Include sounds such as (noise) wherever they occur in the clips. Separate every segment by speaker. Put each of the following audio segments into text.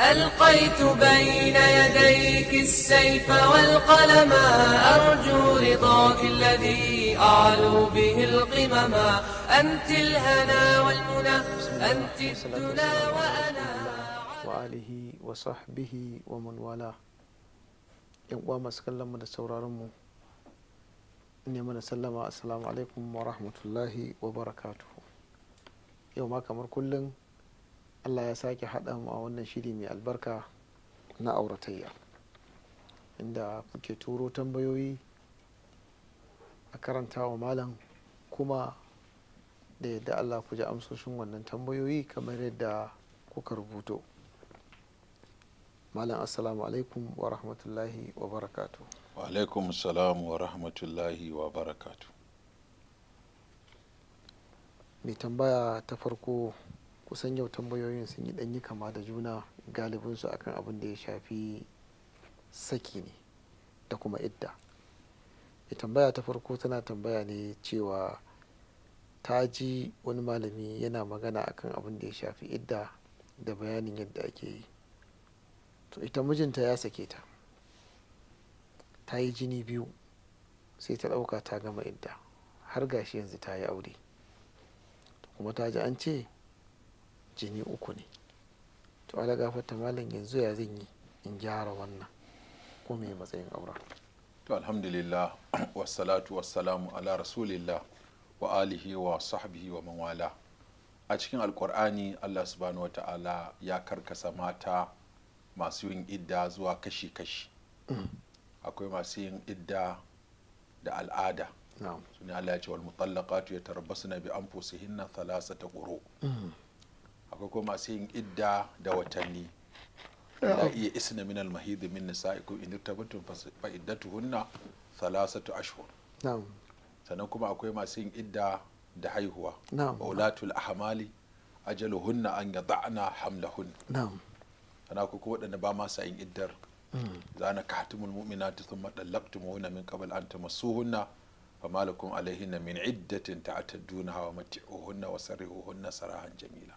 Speaker 1: ألقيت بين يديك السيف والقلم أرجو رضاك الذي أعلو به القمم أنت الهنا والمنى أنت الدنا وأنا
Speaker 2: وآله وصحبه ومن والاه إن وما سكلم من السورة إني من السلام السلام عليكم ورحمة الله وبركاته يومك أمر كلن allah ya sake haɗa mu a wannan shiri mai albarka na auratayya inda kuke turo tambayoyi a karanta wa malam kuma da yadda allah ku ji amsoshin wannan tambayoyi kamar yadda kuka rubuto malam assalamu alaikum wa rahmatullahi wa barakatu
Speaker 3: wa alaikum salam wa rahmatullahi wa barakatu
Speaker 2: mai tambaya ta farko kusan yau tambayoyin sun yi ɗanyi kama da juna galibinsu akan abin da ya shafi saki ne da kuma idda ya tambaya ta farko tana tambaya ne cewa ta ji wani malami yana magana akan abin da ya shafi idda da bayanin yadda ake yi to ita mijinta ya sake ta ta yi jini biyu sai ta ɗauka ta gama idda har gashi yanzu ta yi aure kuma ta ji an ce jini uku ne to ala gafarta malam yanzu ya zan yi in gyara wannan ko mai matsayin aura
Speaker 3: to alhamdulillah (clears throat) wassalatu wassalamu ala rasulillah wa alihi wa sahbihi wa mawala a cikin alkur'ani allah subhanahu wata'ala ya karkasa mata masu yin idda zuwa kashi-kashi mm. akwai masu yin idda da al'ada suna allah ya ce wal mutallaqatu yatarabbasu na bi anfusihinna thalathata quru mm. akwai kuma masu yin idda da watanni la iya isna min almahidi min nisa'ikum in tabattum fa iddatuhunna thalathatu ashhur sannan kuma akwai masu yin idda da haihuwa aulatul ahmali ajaluhunna an yada'na hamlahun na'am sannan akwai kuma wadanda ba ma sa yin iddar mm. zana kahtumul mu'minati thumma dallaqtumuhunna min qabl an tamassuhunna fama lakum alaihinna min iddatin ta'tadduna wa matti'uhunna wa sarrihuhunna sarahan jamila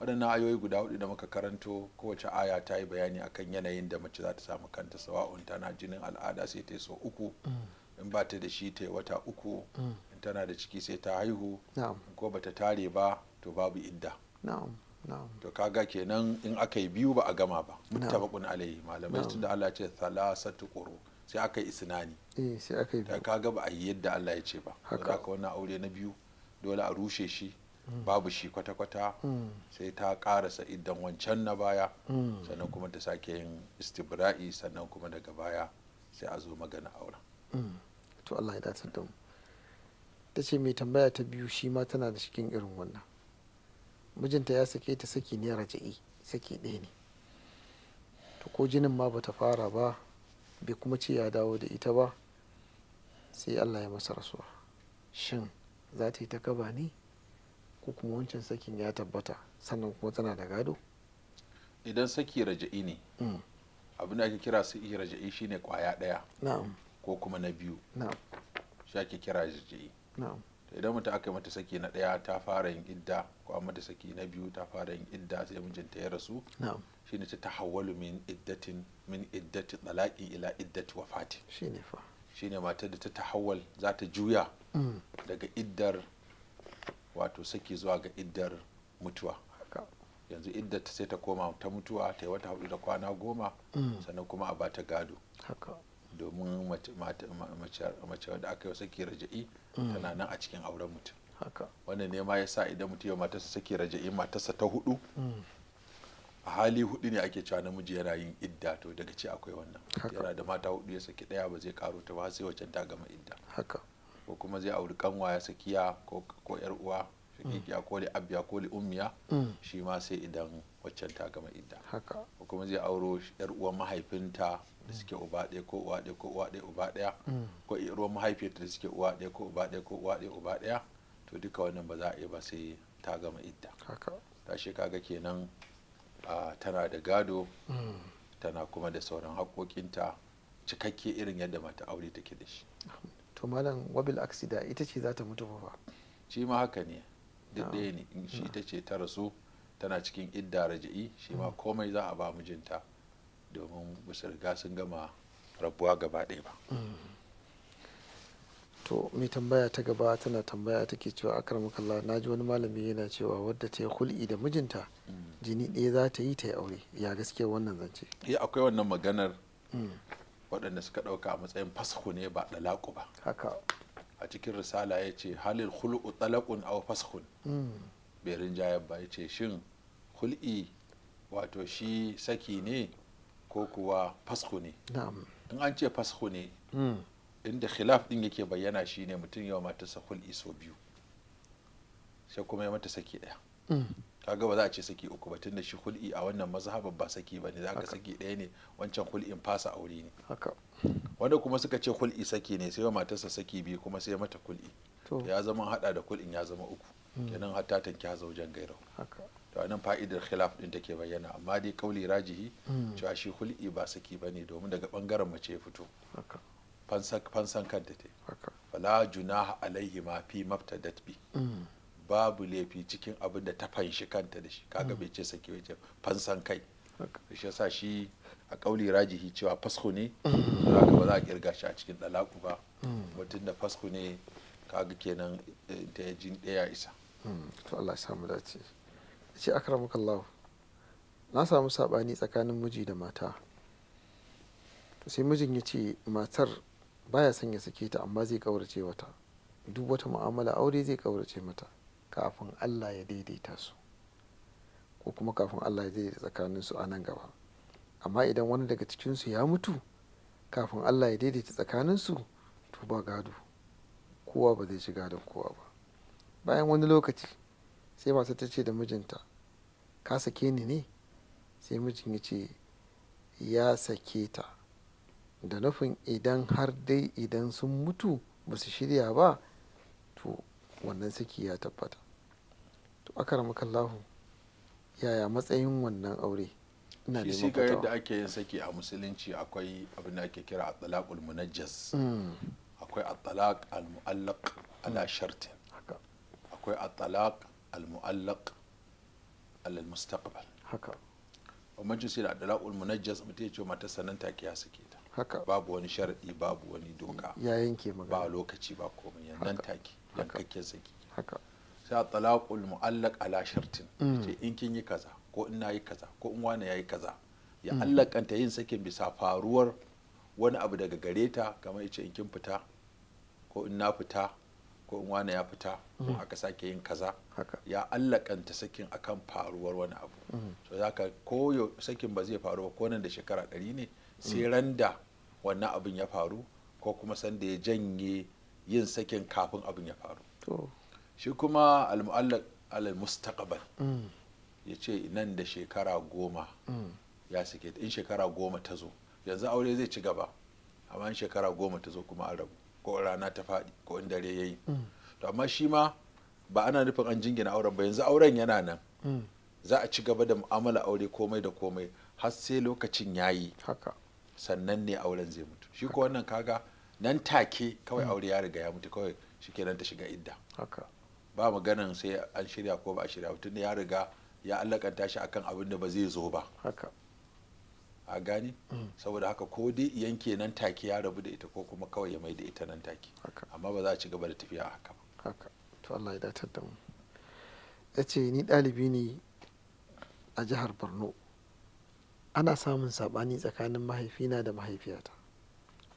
Speaker 3: waɗannan ayoyi guda hudu da muka karanto kowace aya ta yi bayani akan yanayin da mace za ta samu kanta sawa'un tana jinin al'ada sai ta yi so uku mm. in ba ta da shi ta yi wata uku mm. in tana da ciki sai ta haihu ko bata tare ba to babu idda to kaga kenan in aka yi biyu ba a gama ba mutabakun alaihi malamai tun da Allah ce thalathatu sai aka yi isinani
Speaker 2: eh, da
Speaker 3: kaga ba a yi yadda Allah ya ce ba haka wannan aure na biyu dole a rushe shi mm. babu shi kwata-kwata mm. sai ta karasa idan wancan na baya mm. sannan kuma ta sake yin istibra'i sannan kuma daga baya sai a zo magana
Speaker 1: auren
Speaker 3: to Allah ya dace da mu
Speaker 2: ta ce mai tambaya ta biyu shi ma tana da cikin irin wannan mijinta ya sake ta saki ne raja'i saki ɗaya ne ta ko jinin ma bata fara ba bai kuma ce ya dawo da ita ba sai allah ya masa rasuwa shin za ta yi ta kaba ne ko kuma wancan sakin ya tabbata sannan kuma tana da gado
Speaker 3: idan saki raja'i ne mm. abin da ake kira su iya raja'i shine kwaya daya ko kuma na biyu shi ake kira raja'i idan mutum aka yi mata saki na ɗaya ta fara yin idda ko a mata saki na biyu ta fara yin idda sai mijinta ya rasu shine ta tahawwalu min iddatin min iddatin talaqi ila iddati wafati shine fa shine matar da ta tahawwal za ta juya mm. daga iddar wato saki zuwa ga iddar mutuwa yanzu iddar sai ta koma ta mutuwa ta yi wata hudu da kwana goma mm. sannan kuma a bata gado domin mace wadda aka yi saki raja'i mm. tana nan a cikin auren mutum wannan ne ma ya sa idan mutum ya matarsa saki raja'i matarsa ta hudu mm. a hali hudu ne ake cewa namiji yana yin idda to daga ce akwai wannan yana da mata hudu ya saki daya ba zai karo ta ba sai wacce ta gama idda ko kuma zai auri kanwa ya sakiya ko yar uwa shakikiya mm. ko li abiya ko li ummiya shi ma sai idan waccan ta gama idda ko kuma zai auro yar uwa mahaifinta da suke uba ɗaya ko uwa ɗaya ko uwa ɗaya uba ɗaya ko ruwan mahaifiyarta da suke uwa ɗaya ko uba ɗaya ko uwa ɗaya uba ɗaya to duka wannan ba za a yi ba sai ta gama idda ta shi kaga kenan tana da gado mm. tana kuma da sauran haƙoƙinta cikakke irin yadda mata aure take da shi
Speaker 2: to malam wabil aksida ita ce za ta mutu fa
Speaker 3: shi ma haka ne duk ɗaya ne shi ita mm. ce ta rasu tana cikin idda raja'i shi ma mm. komai za a ba mijinta domin basu riga sun gama rabuwa gaba ɗaya ba
Speaker 2: to mai tambaya ta gaba tana tambaya take cewa makalla na ji wani malami yana cewa wadda ta yi hul'i da mijinta jini ɗaya za ta yi ta yi aure ya gaskiya wannan zance
Speaker 3: ya eh, akwai wannan maganar mm. waɗanda suka ɗauka a matsayin fasahu ne ba ɗalaku ba haka a cikin risala ya ce halil hul'u ɗalakun a fasahun mm. Berin rinjayar ba ya ce shin hul'i wato shi saki ne ko kuwa fasko ne in an ce fasko ne hmm. inda khilaf din yake bayyana shi ne mutum yawa sa hul iso biyu sai kuma ya mata saki daya hmm. kaga ba za a ce saki uku ba tunda shi hul'i a wannan mazhaban ba saki ba ne za ka saki ɗaya ne wancan hul'in fasa aure ne wanda kuma suka ce hul'i saki ne sai wa matarsa saki biyu kuma sai mata hul'i ya zama hada da hul'in ya zama uku hmm. kenan hatta tanki zaujen gairau to nan fa'idar khilaf din take bayyana amma dai kauli rajihi hmm. cewa shi hul'i ba saki bane domin daga bangaren mace ya fito fansan kanta te fala junaha alaihi ma fi mabtadat bi hmm. babu laifi cikin abin da ta fanshi kanta da shi kaga hmm. bai ce saki bai ce fansan kai shi yasa shi a kauli rajihi cewa fasko ne Baza ba za a kirga shi a cikin dalaku ba mutum da fasko ne kaga kenan ta eh, jin daya isa to Allah ya samu dace
Speaker 2: ce akramakallahu na samu saɓani tsakanin miji da mata sai mijin ya ce matar baya son ya sake ta amma zai kaurace wata duk wata mu'amala aure zai kaurace mata kafin allah ya daidaita su ko kuma kafin allah ya daidaita tsakanin su a nan gaba amma idan wani daga cikinsu ya mutu kafin allah ya daidaita tsakanin su to ba gado kowa ba zai shiga don kowa ba bayan wani lokaci sai matar ta ce da mijinta ka sake ni ne sai mijin ya ce ya sake ta da nufin idan har dai idan sun mutu ba su shirya ba to wannan saki ya tabbata to lahu yaya matsayin wannan aure
Speaker 1: ina shi siga yadda
Speaker 3: ake yin saki a musulunci akwai abin da ake kira at-talaqul munajjaz mm. akwai a talaq al-mu'allaq ala shartin akwai a talaq al-mu'allaq alal mustaqbal haka majusi da adala'ul munajjas mutai ya ce mata sanan ta ya suke ta haka babu wani sharadi babu wani doka
Speaker 2: ya yanke magana ba
Speaker 3: lokaci ba komai nan take kake saki haka sai talaqul mu'allaq ala shartin ce in kin yi kaza ko in nayi kaza ko in wani yayi kaza ya allakanta yin sakin bisa faruwar wani abu daga gare ta kamar yace ce in kin fita ko in na fita ko in wane ya fita ko mhm. aka sake yin kaza ya allakanta sakin akan faruwar wani abu mhm. so zaka ko sakin ba zai faru ba ko nan da shekara ɗari ne sai mhm. randa wannan abin ya faru ko kuma sanda ya janye yin sakin kafin abin ya faru shi kuma al-mu'allaq al mustaqbal ya ce nan da shekara goma ya sake in shekara goma ta zo yanzu aure zai ci gaba amma in shekara goma ta zo kuma an rabu ko rana ta faɗi ko in dare ya yi to amma shi ma ba ana nufin an jingina auren ba yanzu auren yana
Speaker 1: nan
Speaker 3: za a ci gaba da mu'amala aure komai da komai har sai lokacin ya yi sannan ne auren zai mutu shi ko wannan kaga nan take kawai hmm. aure ya riga ya mutu kawai shi nan ta shiga idda ba maganan sai an shirya ko ba a shirya mutum ya riga ya allakanta shi akan abin da ba zai zo ba a gani mm. saboda haka ko dai yanke nan take ya rabu da ita ko kuma kawai ya mai da ita nan take amma ba za a ci gaba da tafiya haka ba
Speaker 2: haka to Allah ya datar da mu yace ni dalibi ne a jihar Borno ana samun saɓani tsakanin mahaifina da mahaifiyata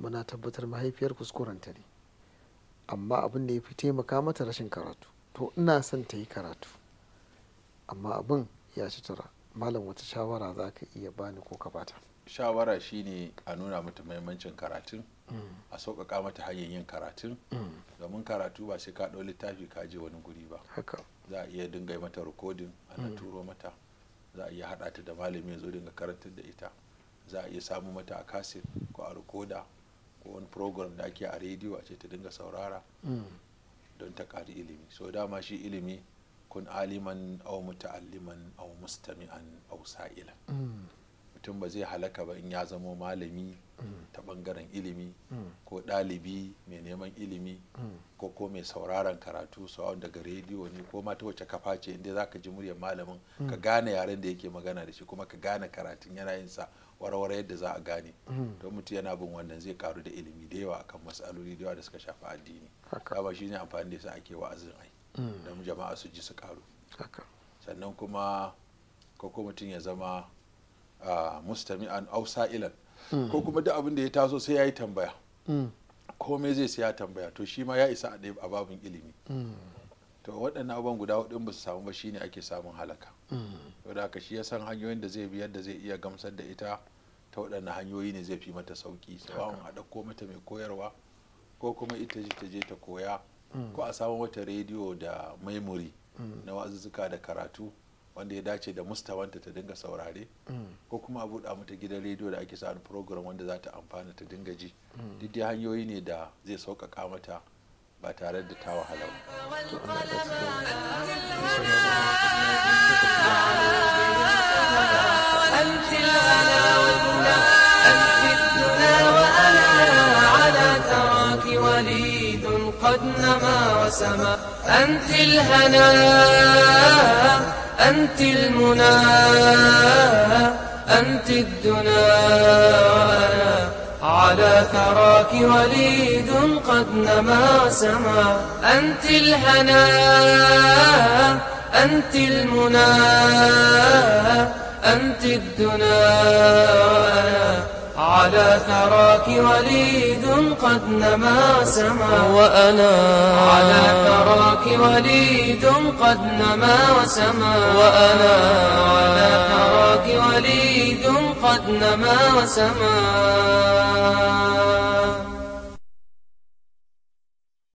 Speaker 2: muna tabbatar mahaifiyar kuskurenta ne amma abin da ya fi taimaka mata rashin karatu to ina son ta yi karatu amma abin ya ci tura malam wata shawara za ka iya
Speaker 3: bani ko ka bata shawara shine a nuna mata mahimmancin karatun mm. a sauƙaƙa mata hanyar yin karatun mm. domin karatu ba sai ka ɗau littafi ka je wani guri ba za a iya dinga mata rikodin ana mm. turo mata za a iya haɗa ta da malami ya zo dinga da ita za a iya samu mata a kasin ko a rikoda ko wani program da ake a rediyo a ce ta dinga saurara don ta ƙari ilimi so dama shi ilimi kun aliman au muta'alliman au mustami'an au sa'ilan mutum ba zai halaka ba in ya zamo malami ta bangaren ilimi ko ɗalibi mai neman ilimi ko ko mai sauraron karatu sawa'un daga rediyo ne ko ma ta wace kafa ce inda za ka ji muryar malamin ka gane yaren da yake magana da shi kuma ka gane karatun yana yin sa warware yadda za a gane don mutum yana bin wannan zai karu da ilimi da yawa akan matsaloli da yawa da suka shafi addini ba shi ne amfani da yasa ake wa'azin ai Mm. don jama'a su ji su karu sannan kuma ko mutum ya zama ah, mustami'an au sa'ilan mm. ko kuma duk abin da ya taso sai ya yi tambaya mm. komai zai siya tambaya to shi ma ya isa a babun ilimi to waɗannan abubuwan guda hudu ba su samu ba shine ake samun halaka to da shi ya san hanyoyin da zai bi yadda zai iya gamsar da ita ta waɗannan hanyoyi ne zai fi mata sauki sawan a ɗauko mata mai koyarwa ko kuma ita ta je ta koya ko a samu wata rediyo da maimuri na wazuzzuka da karatu wanda ya dace da mustawanta ta dinga saurare ko kuma a buɗa mata gidan rediyo da ake sa'ar program wanda za ta amfana ta dinga ji duk da hanyoyi ne da zai sauƙaƙa mata ba tare da ta wahala ba.
Speaker 1: قد نما وسما أنت الهنا أنت المنى أنت الدنا وأنا على ثراك وليد قد نما وسما أنت الهنا أنت المنى أنت الدنا على ثراك وليد قد نما سما وأنا على ثراك وليد قد نما سما وأنا على ثراك وليد قد نما سما